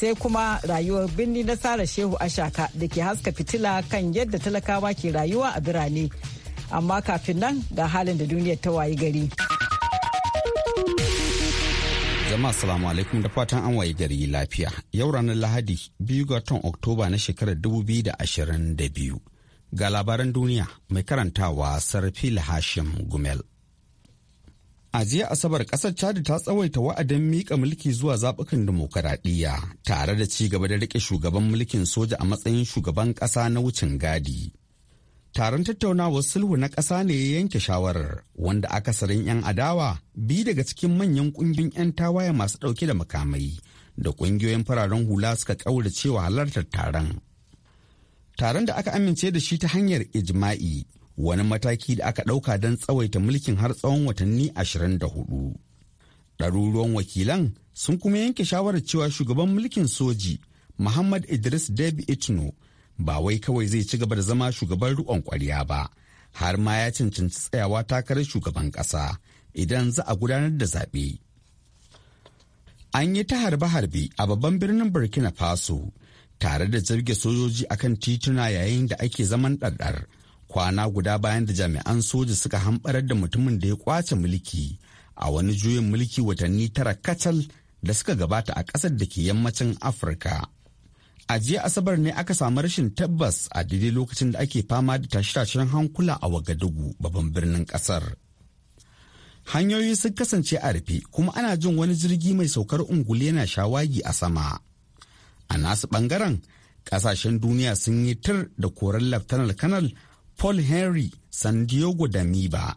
sai kuma rayuwar birni na Sara Shehu Ashaka da ke haska fitila kan yadda talakawa ke rayuwa a birane. Amma kafin nan ga halin da duniyar ta wayi gari. Jama'a salamu alaikum da fatan an wayi gari lafiya. Yau ranar Lahadi biyu ga watan Oktoba na shekarar da ashirin biyu Ga labaran duniya mai karantawa Sarfil Hashim Gumel. A jiya Asabar kasar Chad ta tsawaita wa'adin mika mulki zuwa zaɓukan dimokuraɗiyya tare da ci gaba da riƙe shugaban mulkin soja a matsayin shugaban ƙasa na wucin gadi. Taron tattaunawar sulhu na ƙasa ne ya yanke shawarar wanda akasarin 'yan adawa Bi daga cikin manyan ƙungiyoyin 'yan tawaye masu ɗauke da makamai da ƙungiyoyin fararen hula suka ƙaurace cewa halartar taron. Taron da aka amince da shi ta hanyar ijma'i wani mataki da aka ɗauka don tsawaita mulkin har tsawon watanni 24. Ɗaruruwan wakilan sun kuma yanke shawarar cewa shugaban mulkin soji Muhammad Idris debi Itno ba wai kawai zai ci gaba da zama shugaban ruwan kwarya ba, har ma ya cancanci tsayawa takarar shugaban ƙasa idan za a gudanar da zaɓe. An yi ta harbe-harbe a babban birnin Burkina Faso tare da jirgin sojoji akan tituna yayin da ake zaman ɗarɗar. kwana guda bayan da jami'an soja suka hamɓarar da mutumin da ya kwace mulki a wani juyin mulki watanni tara kacal da suka gabata a ƙasar da ke yammacin afirka a jiya asabar ne aka samu rashin tabbas a daidai lokacin da ake fama da tashe-tashen hankula a wagadugu babban birnin ƙasar hanyoyi sun kasance a rufe kuma ana jin wani jirgi mai saukar ungulu yana shawagi a sama a nasu bangaren kasashen duniya sun yi tir da koren laftanar kanal paul henry san diego da miba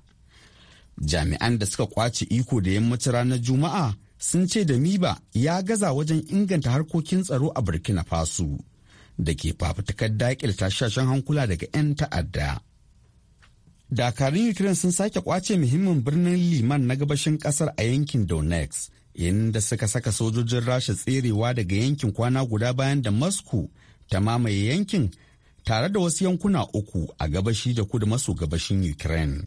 jami'an da suka kwace iko da yammacin ranar juma'a sun ce da miba ya gaza wajen inganta harkokin tsaro a burkina faso da ke fafutukar daƙil tashashen hankula daga 'yan ta'adda dakarun ukraine sun sake kwace muhimmin birnin liman na gabashin kasar a yankin donetsk inda suka saka sojojin rasha tserewa daga yankin kwana guda bayan da moscow ta mamaye yankin tare da wasu yankuna uku a gabashi da kudu maso gabashin Ukraine.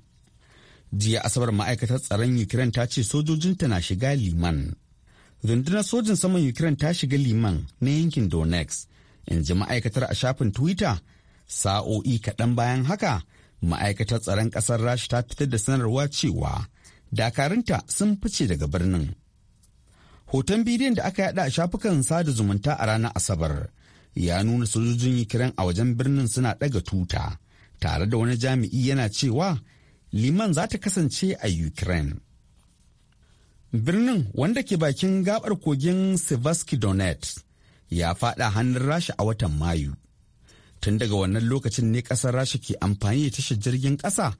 Jiya Asabar ma'aikatar tsaron Ukraine ta ce sojojinta na shiga liman. Rundunar sojin saman Ukraine ta shiga liman na yankin Donetsk, in ji ma'aikatar a shafin Twitter, sa'o'i kaɗan bayan haka, ma'aikatar tsaron ƙasar Rasha ta fitar da sanarwa cewa dakarunta sun fice daga birnin. Hoton bidiyon da aka yaɗa a shafukan sada zumunta a ranar Asabar ya nuna sojojin Ukraine a wajen birnin suna ɗaga tuta, tare da wani jami'i yana cewa liman za ta kasance a Ukraine. Birnin wanda ke bakin gabar kogin Sevaski Donetsk ya fada hannun Rasha a watan Mayu. Tun daga wannan lokacin ne ƙasar Rasha ke amfani da tashar jirgin kasa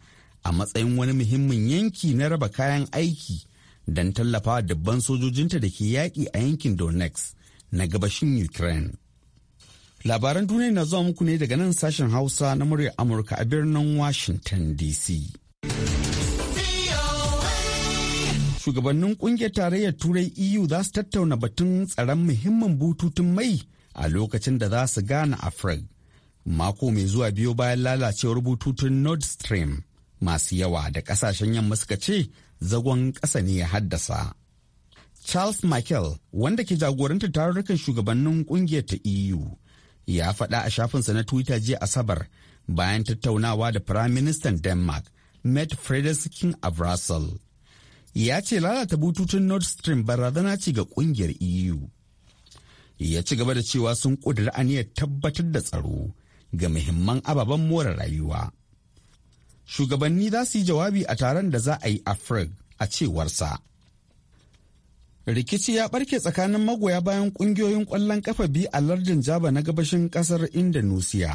a matsayin wani muhimmin yanki na raba kayan aiki don tallafa dubban sojojinta da ke yaƙi a yankin Donetsk na gabashin Ukraine. Labaran duniya na zuwa muku ne daga nan sashen Hausa na muryar Amurka a birnin Washington DC. Shugabannin kungiyar tarayyar Turai EU za su tattauna batun tsaron muhimman bututun mai a lokacin da za su gana a Mako mai zuwa biyu bayan lalacewar bututun Nord Stream masu yawa da kasashen yamma suka ce zagon ƙasa ne ya haddasa. Charles Michael, wanda ke jagorantar tarurrukan shugabannin kungiyar ta EU, ya faɗa a shafinsa na twitter jiya asabar bayan tattaunawa da Prime firaministan denmark met frederiksen a brussels ya ce lalata bututun nord stream barazana ce ga ƙungiyar eu ya ci gaba da cewa sun ƙudiri aniyar tabbatar da tsaro ga muhimman ababen more rayuwa shugabanni za su yi jawabi a taron da za a yi a a cewarsa rikici ya barke tsakanin magoya bayan kungiyoyin kwallon kafa biyu a lardin jaba na gabashin kasar indonesia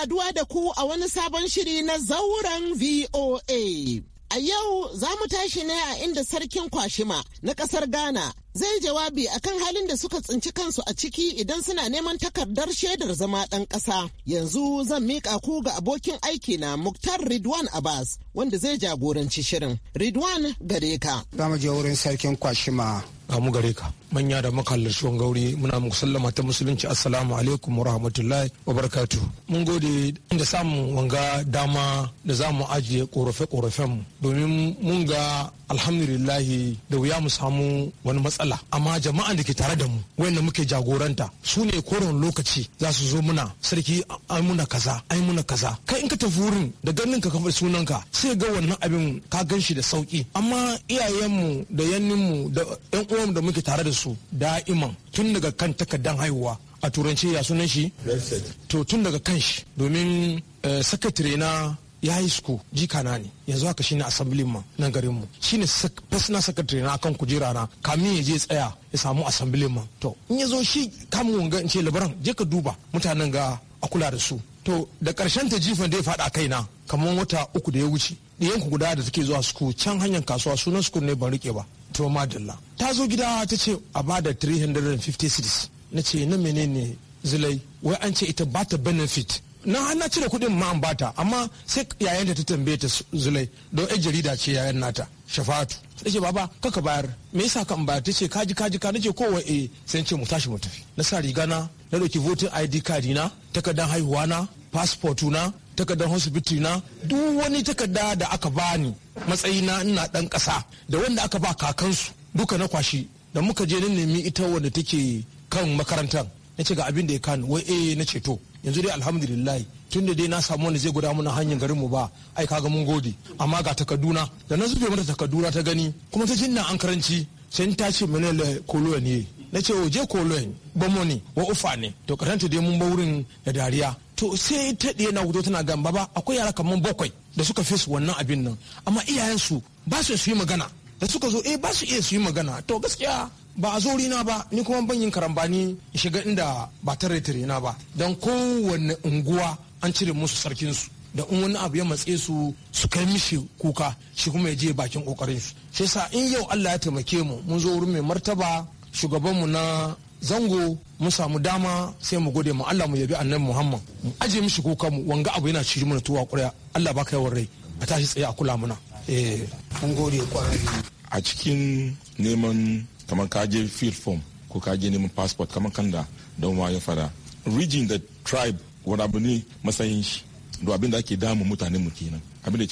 saduwa da ku a wani sabon shiri na zauren VOA. A yau za mu tashi ne a inda sarkin kwashima na ƙasar Ghana zai jawabi akan halin da suka tsinci kansu a ciki idan suna neman takardar shaidar zama ɗan ƙasa. Yanzu zan miƙa ku ga abokin aiki na Muktar Ridwan Abbas wanda zai jagoranci shirin. Ridwan gare ka. Za mu je wurin sarkin kwashima. Ga mu gare ka. manya da makalarci gauri muna muku sallama ta musulunci assalamu alaikum wa rahmatullahi wa barakatu mun gode inda samu wanga dama da za mu ajiye korafe korafen mu domin mun ga alhamdulillahi da wuya mu samu wani matsala amma jama'an da ke tare da mu wanda muke jagoranta su ne koron lokaci za su zo muna sarki ai muna kaza ai muna kaza kai in ka tafi wurin da ganin ka kafa sunanka sai ga wannan abin ka gan shi da sauki amma iyayenmu da yanninmu da yan uwanmu da muke tare da su su da'iman tun daga kan takardan haihuwa a turanci ya sunan shi to tun daga kan shi domin eh, sakatare na ya yi suku jika na ne yanzu haka shine assembly ma na garin mu shine personal secretary na akan kujera na kamin ya je tsaya ya samu asambilin ma to in ya zo shi kamun wanga ce labaran je ka duba mutanen ga a kula da su to da karshen ta jifan da ya faɗa na kamar wata uku da ya wuce ɗiyan ku guda da take zuwa suku can hanyar kasuwa sunan suku ne ban rike ba to madalla ta zo gida ta ce a ba da 350 cities na ce na menene zulai wai an ce ita ba ta benefit na na cire kuɗin ma an bata amma sai yayan da ta tambaye ta zulai don yan jarida ce yayan nata shafatu ta ce baba kaka bayar me yasa kan bayar ta ce kaji kaji ka nace kowa eh sai ce mu tashi mu tafi na sa riga na na dauki voting id card na takardar haihuwa na passport na takardar hospital na duk wani takarda da aka bani matsayina ina dan kasa da wanda aka ba kakansu duka na kwashi da muka je na nemi ita wanda take kan makarantar na ce ga abin da ya kani wai eh na ceto yanzu dai alhamdulillah tun da dai na samu wanda zai guda mana hanyar garinmu ba ai kaga mun gode amma ga takarduna da na zube mata takarduna ta gani kuma ta jinna an karanci sai ta ce mene le kolo ne na ce je kolo ne mu ne wa ufa ne to karanta dai mun ba wurin da dariya to sai ta ɗaya na wuto tana gamba ba akwai yara kamar bakwai da suka fi su wannan abin nan amma iyayensu ba su su yi magana da suka zo eh ba su iya su yi magana to gaskiya ba a zori na ba ni kuma ban yin karambani shiga inda ba tare tare na ba don kowanne unguwa an cire musu sarkin su da in wani abu ya matse su su kai mishi kuka shi kuma ya je bakin kokarin su sai sa in yau Allah ya taimake mu mun zo wurin mai martaba shugabanmu na zango mu samu dama sai mu gode mu Allah mu yabi annabi Muhammad mu aje mishi kukan mu wanga abu yana ciri mana tuwa ƙurya Allah baka yawan rai a tashi tsaye a kula muna eh mun gode kwarai a cikin neman kamar ka je field form ko ka je neman passport kamar kanda don wa ya fara region da tribe wani abu ne matsayin shi Do abin da ake damun mutanen mu kenan abin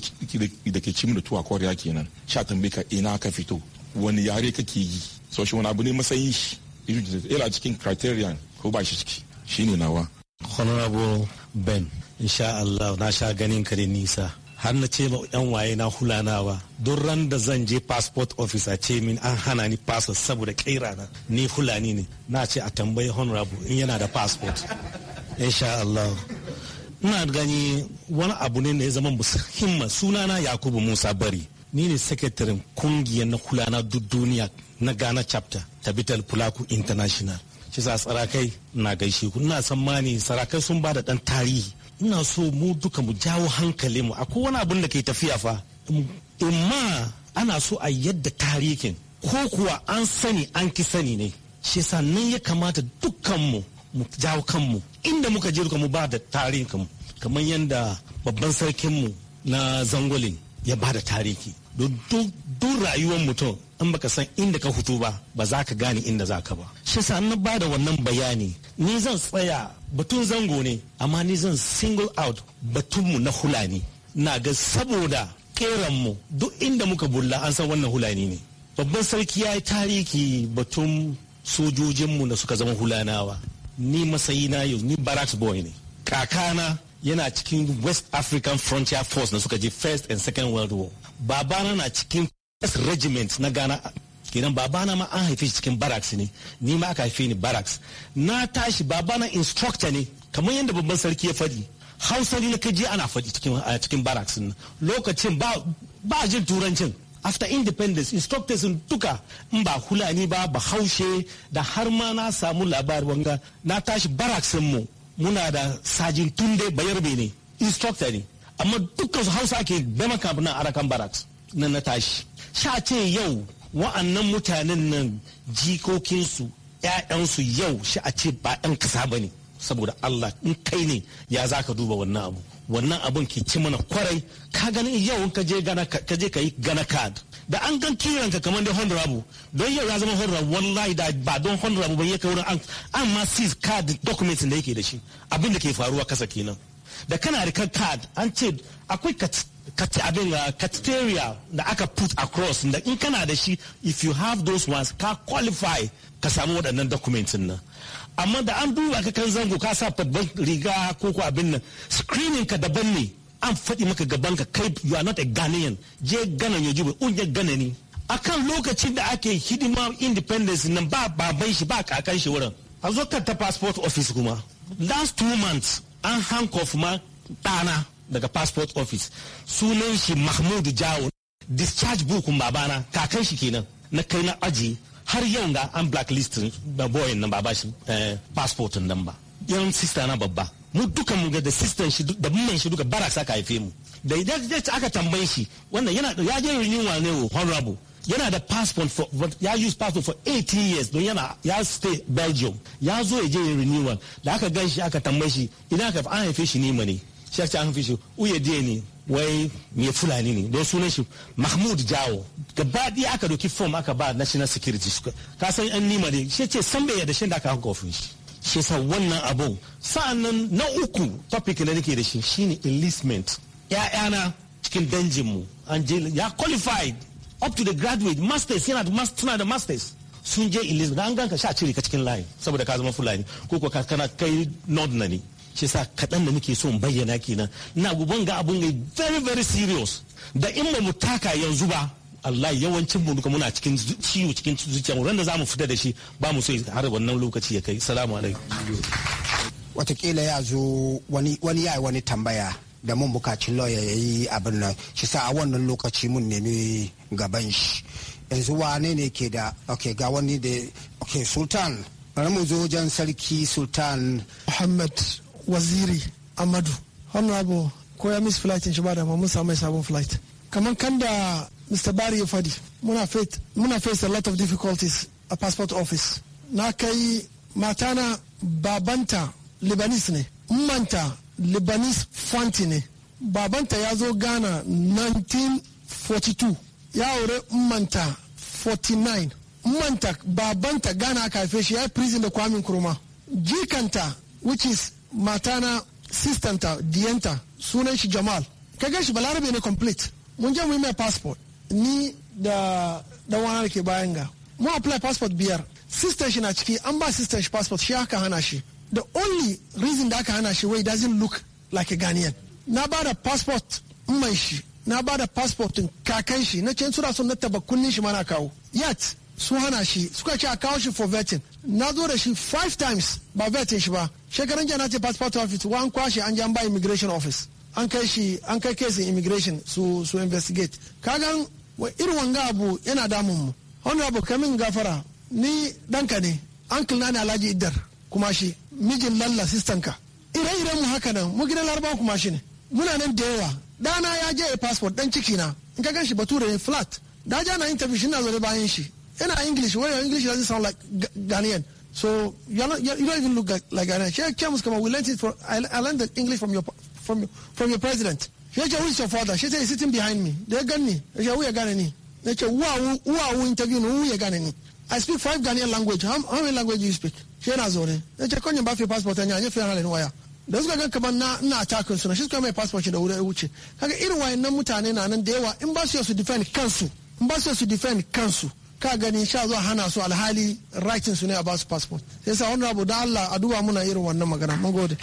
da ke cimu da tuwa kwarya kenan sha tambaye ka ina ka fito wani yare kake yi so shi wani abu ne matsayin shi yana cikin criterion ko ba shi ciki shine nawa honorable ben insha Allah na sha ganin ka nisa har na ce ma yan waye na hulanawa don ran da zan je passport office a ce min an hana ni passport saboda kaira na ni hulani ne na ce a tambayi honorable in yana da passport insha Allah ina gani wani abu ne ya zama musamman sunana yakubu musa bari ni ne sakataren kungiyar na hulana duk duniya na Ghana chapter ta bital Pulaku International. Shi sa sarakai na gaishe ku. Ina ne sarakai sun ba da ɗan tarihi. Ina so mu duka mu jawo hankali mu. Akwai wani abin da ke tafiya fa. ma ana so a yadda tarihin ko kuwa an sani an ki sani ne. Shi sa nan ya kamata dukkan mu mu jawo kanmu inda muka je duka mu ba da tarihin Kamar yadda babban sarkin mu na zangolin ya ba da tarihi. Don duk rayuwar mutum in baka san inda ka hutu ba ba za ka gane inda za ka ba shi sa na ba da wannan bayani ni zan tsaya batun zango ne amma ni zan single out batunmu na hulani na ga saboda keranmu duk inda muka bulla an san wannan hulani ne babban sarki ya yi tariki batun sojojinmu da suka zama hulanawa ni masayi na yau ni barat boy ne kakana yana cikin west african frontier force na suka je first and second world war babana na cikin S regiment na Ghana kenan babana ma an haife shi cikin barracks ne ni ma aka haife ni barracks na tashi babana instructor ne kamar yadda babban sarki ya faɗi hausa ne na kaji ana faɗi cikin cikin barracks lokacin ba ba jin turancin after independence instructors sun duka in ba hulani ba ba haushe da har ma na samu labarin wanga na tashi barracks mu muna da sajin tunde bayarbe ne instructor ne amma dukkan hausa ke bema kamfanin arakan barracks na na tashi sha ce yau wa'annan mutanen nan jikokinsu ‘ya'yansu yau shi a ce ba ‘yan kasa ba ne saboda Allah in kai ne ya za ka duba wannan abu wannan abun ke ci mana kwarai ka ganin yau ka je ka je ka yi gana kad. da an gan kiran ka kamar dai abu don yau ya zama honorable wallahi da ba don abu ban yake wurin an an ma sis kad documents da yake da shi abin da ke faruwa kasa kenan da kana da kad an ce akwai abin uh, categoria da aka put across da in kana da shi if you have those ones ka qualify ka samu waɗannan document nan amma da an duba ka kan zango ka sa babban riga ko ko abin nan screening ka daban ne an faɗi maka gaban ka kai you are not a Ghanaian je Gana ya jube unje gana Ghana ne akan lokacin da ake hidima independence nan ba baban shi ba kakan shi wurin a zo ta passport office kuma last two months an handcuff ma ɗana daga passport office sunan shi mahmud jawo discharge book um, babana kakan shi kenan na kai na aji har yau ga an blacklist da boy nan ba shi eh, passport nan ba yan sister na babba mu duka mu ga da sister shi da mun shi duka barasa saka haife mu da idan aka tambaye shi wannan yana ya je renewal ne oh, honorable yana da passport for ya use passport for 18 years don yana ya stay belgium ya zo ya je renewal da aka gan shi aka tambaye shi idan aka an haife shi ne mane shi ya ce an fi shi uye diye ne wai mai fulani ne don sunan shi mahmud jawo gaba ɗaya aka doki fom aka ba national security ka san yan nima ne shi ce san bai yarda shi da aka haka ofin shi shi sa wannan abu sa'annan na uku topic da nake da shi shine enlistment ya'yana cikin danjin mu an je ya qualified up to the graduate masters yana da masters masters sun je enlistment an ganka sha cire ka cikin layi saboda ka zama fulani ko ko kana kai nod na ne shi sa kaɗan da nake so in bayyana kenan na guban ga abun ne very very serious da in ba mu taka yanzu ba Allah yawancin mu duka muna cikin ciwo cikin zuciya da za mu fita da shi ba mu so har wannan lokaci ya kai salamu alaikum watakila ya zo wani wani ya wani tambaya da mun bukaci lawyer ya yi abin nan shi sa a wannan lokaci mun nemi gaban shi yanzu wane ne ke da ok ga wani da ok sultan bari mu zo wajen sarki sultan muhammad waziri amadu honorable ko ya miss flight shi ba da mun samu sabon flight kamar kan da mr bari ya fadi muna face muna face a lot of difficulties a passport office na kai matana babanta Lebanese ne manta Lebanese fanti ne babanta ya zo ghana 1942 ya aure manta 49 manta babanta ghana aka haife shi ya yi prison da kwamin kurma jikanta which is matana sistanta diyanta sunan shi jamal ka gan shi balarabe ne complete mun je mai passport ni da dan wani da ke bayan ga mu apply passport biyar sister shi na ciki an ba sister shi passport shi aka hana shi the only reason da aka hana shi wai doesn't look like a Ghanaian na ba da passport mai shi na ba da passport kakan shi na can suna son na tabakunin shi mana kawo yet su hana shi suka ce a kawo shi for vetting na zo da shi five times ba vetting shi ba shekaran jiya na ce passport office wa an kwashe an jan ba immigration office an kai shi an kai kesin immigration su su investigate kagan wa irin wanga abu yana damun mu honorable kamin gafara ni danka ne uncle na ne alhaji iddar kuma shi mijin lalla sistan ka ire-iren mu haka nan mu gidan laraba kuma shi ne muna nan da yawa dana ya je passport dan ciki na in ka gan shi bature ne flat da jana na interview shi na zo bayan shi in our English, where your English doesn't sound like G Ghanaian. So you're not, you're, you don't even look like, like Ghanaian. Sheikh Chamus Kamal, we learned it from, I, I, learned the English from your, from your, from your president. Sheikh, who is your father? She said, he's sitting behind me. They're Ghanaian. Sheikh, who are Ghanaian? Sheikh, who are, who are we interviewing? Who are Ghanaian? I speak five Ghanaian language. How, how many language do you speak? She said, Sheikh Nazore. Sheikh, come back your passport and you're fair and wire. da suka gan kamar na na atakin She's na shi suka mai passport da wuri wuce kaga irin wayannan mutane na nan da yawa in ba embassy to defend kansu in ba su su defend kansu ka gani sha zuwa hana su alhali rakin su ne a basu passport sai sa wani abu da Allah a duba muna irin wannan magana mun gode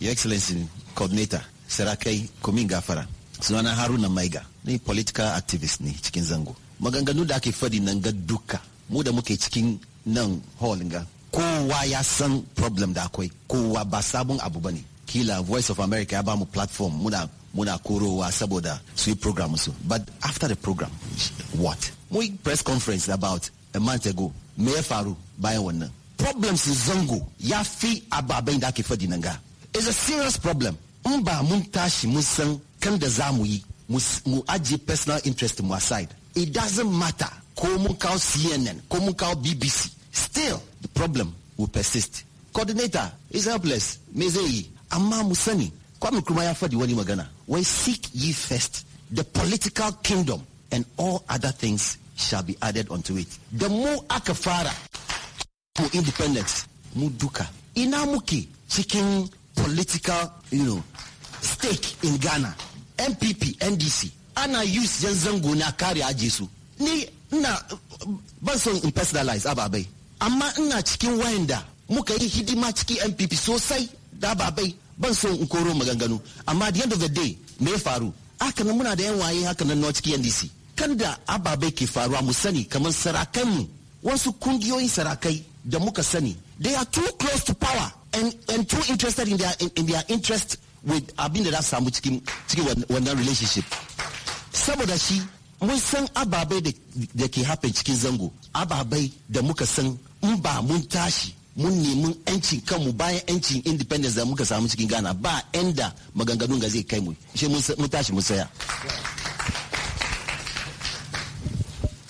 your excellency coordinator sarakai komin gafara sunana haruna maiga ni political activist ne cikin zango maganganu da ake fadi nan ga duka mu da muke cikin nan hall ga kowa ya san problem da akwai kowa ba sabon abu bane kila voice of america ya bamu platform muna muna korowa saboda su yi program su but after the program what mun press conference about a month ago mayor ya faru bayan wannan problems zango ya fi ababen da ake faɗi nan ga is a serious problem in ba mun tashi mun san kan da za mu yi mu ajiye personal interest mu aside it doesn't matter ko mun kawo cnn ko mun kawo bbc still the problem will persist coordinator is helpless me zai yi amma mu sani kwame kuma ya faɗi wani magana wai seek ye first the political kingdom and all other things shall be added unto it da mu aka fara mu independence mu duka ina muke cikin political you know, stake in ghana npp ndc ana use yan zango na kare aje su ni ina ban son in personalize ababai amma ina cikin wayanda muka yi hidima cikin npp sosai da ababai ban son in koro maganganu amma at the end of the day me faru haka nan muna da yan waye haka nan na cikin ndc kan da ababai ke faruwa mu sani kamar sarakanmu wasu kungiyoyin sarakai da muka sani they are too close to power and, and too interested in their, in, in their interest with abin da za su samu cikin wannan relationship saboda shi mun san ababai da ke happen cikin zango ababai da muka san in ba mun tashi mun nemi yancin kanmu bayan yancin independence da muka samu cikin ghana ba inda maganganu ga zai kai mu shi mun tashi mun saya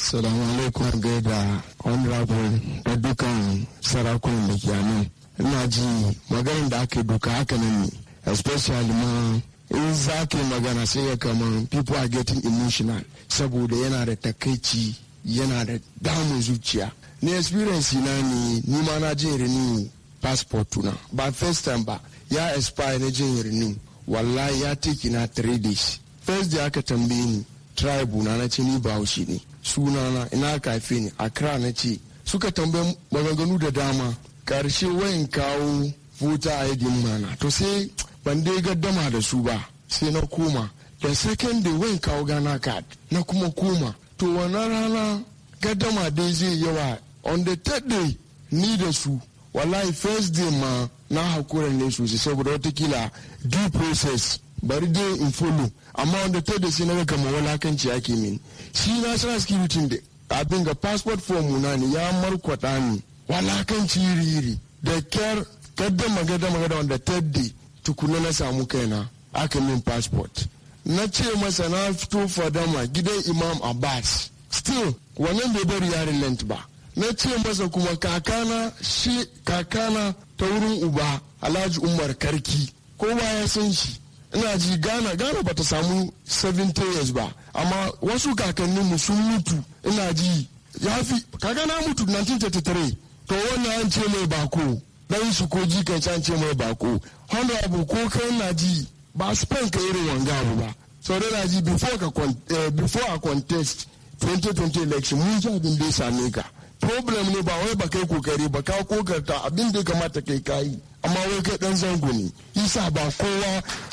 Salamu alaikum gaida honorable da dukan sarakunan da ke nan. Ina ji maganin da aka duka haka nan ne, especially ma in za ka magana sai ya kama people are getting emotional saboda yana da takaici yana da damun zuciya. Ni experience na ne ni ma na jin renew passport na ba first time ba ya expire na jin renew wallahi ya take na 3 days. First day aka tambaye ni tribe na na ce ni ba ne. sunana ina kafe ne accra na ce suka tambayi maganganu da dama karshe wayan kawo vota a yadda mana to sai ban dai gaddama da su ba sai na koma da second day wayan kawo gana card na kuma koma to wannan rana gaddama dai zai yawa on the third day ni da su wallahi first day ma na hakura ne sosai saboda watakila due process bari dai in folo amma wanda ta da shi na mu walakanci ake min shi na national security a abin ga passport form na ne ya markwata ni walakanci riri da kyar kadda magada magada wanda ta da tukuna na samu kaina aka min passport na ce masa na fito fadama gidan imam abbas still wannan bai bari yarin lent ba na ce masa kuma kakana shi kakana ta wurin uba alhaji umar karki kowa ya san shi ina ji ghana ghana bata samu 70 years ba amma wasu kakanninmu sun mutu ina ji ya fi kaga na mutu 1933 to wannan an ce mai bako dan shi ko jikan an ce mai bako honorable ko kai na ji ba spain ka irin wanga abu ba so dai na ji eh, before a contest 2020 election mun ji abin da ya same ka problem ne ba wai ba kai kokari ba ka kokarta abin da ya kamata kai kayi amma wai kai dan zango ne isa ba kowa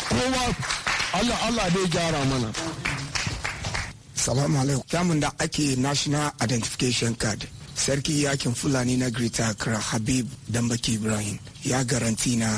kowa Allah Allah dai gyara mana salamu alaikum kyamun da ake national identification card sarki yakin fulani na greater accra habib dambaki ibrahim ya garanti na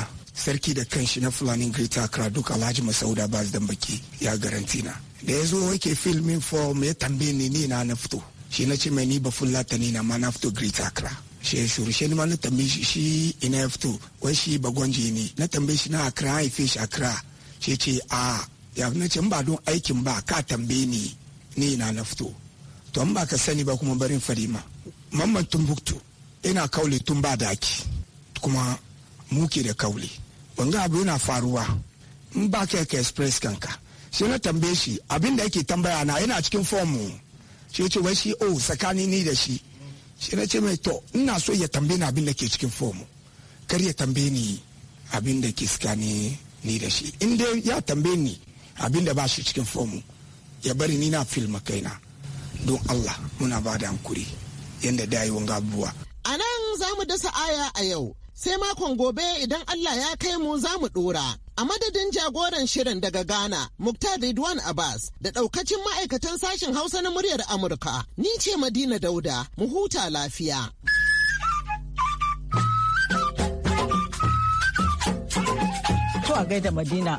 sarki da kanshi na fulani greater accra duk alhaji masauda bas dambaki ya garanti na da ya zo yake filmin form ya tambaye ni na na fito shi na ce mai ni ba fulatani na ma na fito great accra shi ya shuru shi ma na tambaye shi shi ina ya fito wai shi gwanji ne na tambaye shi na accra fi shi accra shi ce a ya na ce ba don aikin ba ka tambaye ni ni na na fito to an ba ka sani ba kuma barin farima mamman tumbuktu ina kaule tun ba daki kuma muke da kaule wanga abu yana faruwa in ba ka express kanka shi na tambaye shi abin da yake tambaya na yana cikin fomu shi ce wai shi oh tsakani ni da shi shi na ce mai to ina so ya tambaye ni abin da ke cikin fomu? kar ya tambaye ni abin da ke tsakani ni da shi in dai ya tambaye ni abin da ba shi cikin fomu ya bari ni na filma kaina don Allah muna ba da hankuri yadda da yi wanga abubuwa a nan za mu dasa aya a yau sai makon gobe idan Allah ya kai mu za mu ɗora. A madadin jagoran shirin daga Ghana, Muktar Ridwan Abbas da ɗaukacin ma'aikatan sashen Hausa na muryar Amurka, ni ce Madina Dauda, mu huta lafiya. To a gaida Madina.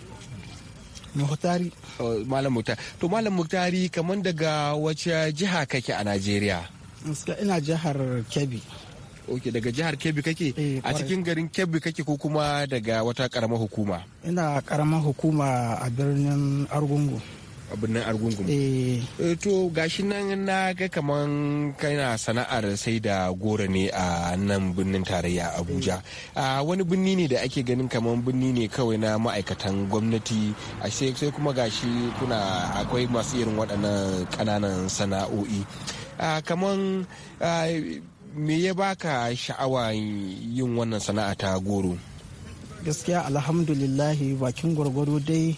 muhtari oh, malam muhtari to malam muhtari kamar daga wace jiha kake a najeriya ina jihar kebbi ok daga jihar kebbi kake eh, a cikin garin kebbi kake ko kuma daga wata karamar hukuma ina karamar hukuma a birnin argungu birnin argungun eh. Eh, to gashi nan na ga kaman kana sana'ar sai da goro ne a nan birnin tarayya abuja mm. a ah, wani birni ne da ake ganin kaman birni ne kawai na ma'aikatan gwamnati a ah, sai kuma gashi kuna akwai masu irin waɗannan ƙananan sana'o'i ah, kaman me ya baka sha'awa yin wannan sana'a ta goro gaskiya alhamdulillahi bakin gwargwaro dai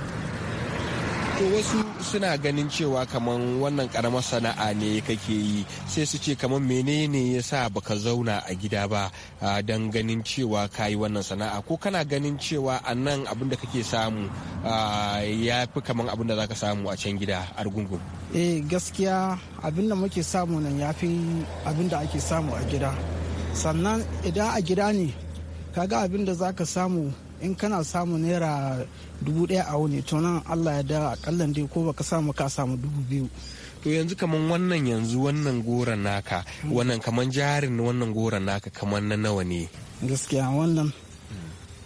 to wasu suna ganin cewa kaman wannan karamar sana'a ne kake yi sai su ce kaman menene ya sa baka zauna a gida ba don ganin cewa ka yi wannan sana'a ko kana ganin cewa a nan abin kake samu ya fi kaman abin da zaka samu a can gida a eh gaskiya abin da muke samu nan ya fi abin ake samu a gida sannan idan a gida ne kaga abin da zaka samu in kana samu naira dubu daya a wuni to nan allah ya da akalla dai ko baka samu ka samu dubu biyu to yanzu kaman wannan yanzu wannan goran naka wannan kaman jarin wannan goran naka kaman na nawa ne gaskiya wannan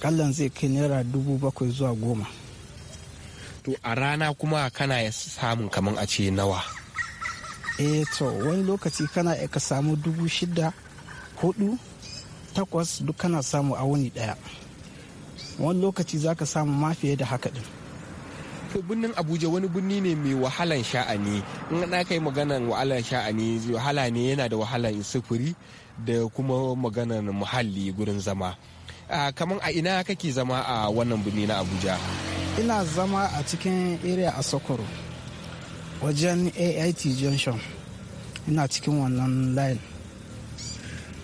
kallan zai kai naira dubu bakwai zuwa goma to a rana kuma kana ya samun kaman a ce nawa eh to wani lokaci kana ka samu dubu shida hudu takwas duk kana samu a wuni daya wani lokaci za ka samu ma fiye da haka din birnin abuja wani birni ne mai wahalan sha'ani in na kai maganan wahalan sha'ani wahala ne yana da wahalan sufuri da kuma maganan muhalli gurin zama kamar a ina kake zama a wannan birni na abuja ina zama a cikin area a sokoro wajen ait junction ina cikin wannan line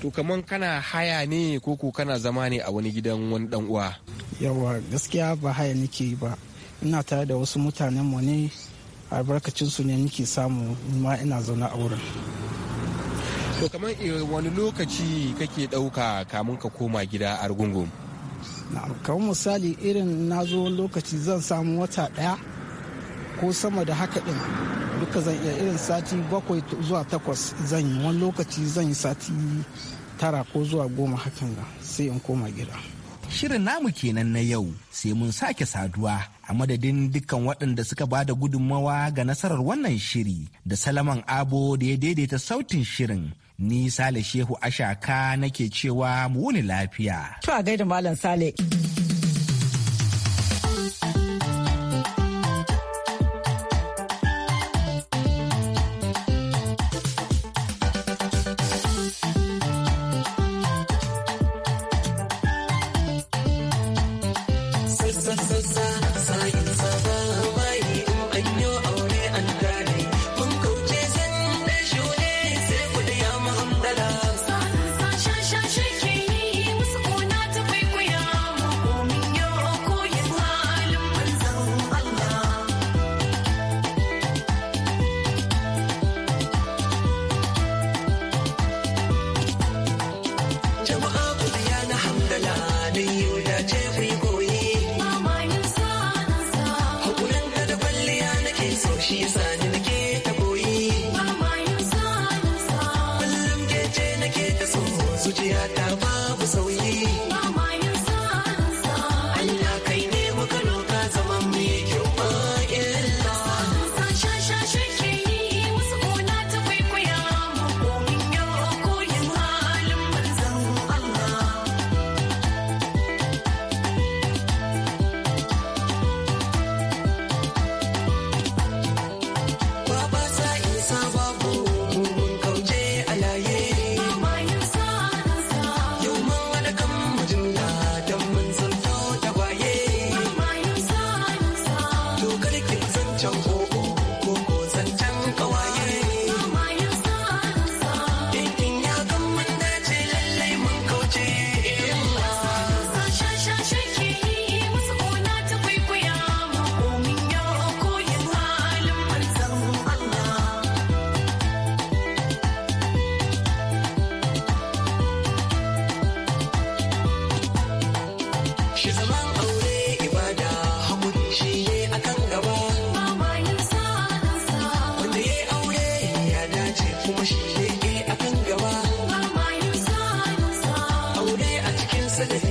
to kamar kana haya ne ko ku kana zama ne a wani gidan wani dan uwa yawa gaskiya ba haya nake ba ina tare da wasu mutanen mu ne albarkacin su ne nake samu ma ina zaune a wurin to kamar eh, wani lokaci kake ɗauka kamun ka koma gida a rugungun kamar misali irin na zo lokaci zan samu wata daya ko sama da haka ɗin duka zan iya irin sati bakwai zuwa takwas zan yi wani lokaci zan yi sati tara ko zuwa goma hakan ga sai in koma gida shirin namu kenan na yau sai mun sake saduwa a madadin dukkan waɗanda suka ba da gudunmawa ga nasarar wannan shiri da salaman abo da ya daidaita sautin shirin ni sale shehu ashaka nake cewa mu wuni lafiya to a gaida malam sale Absolutely.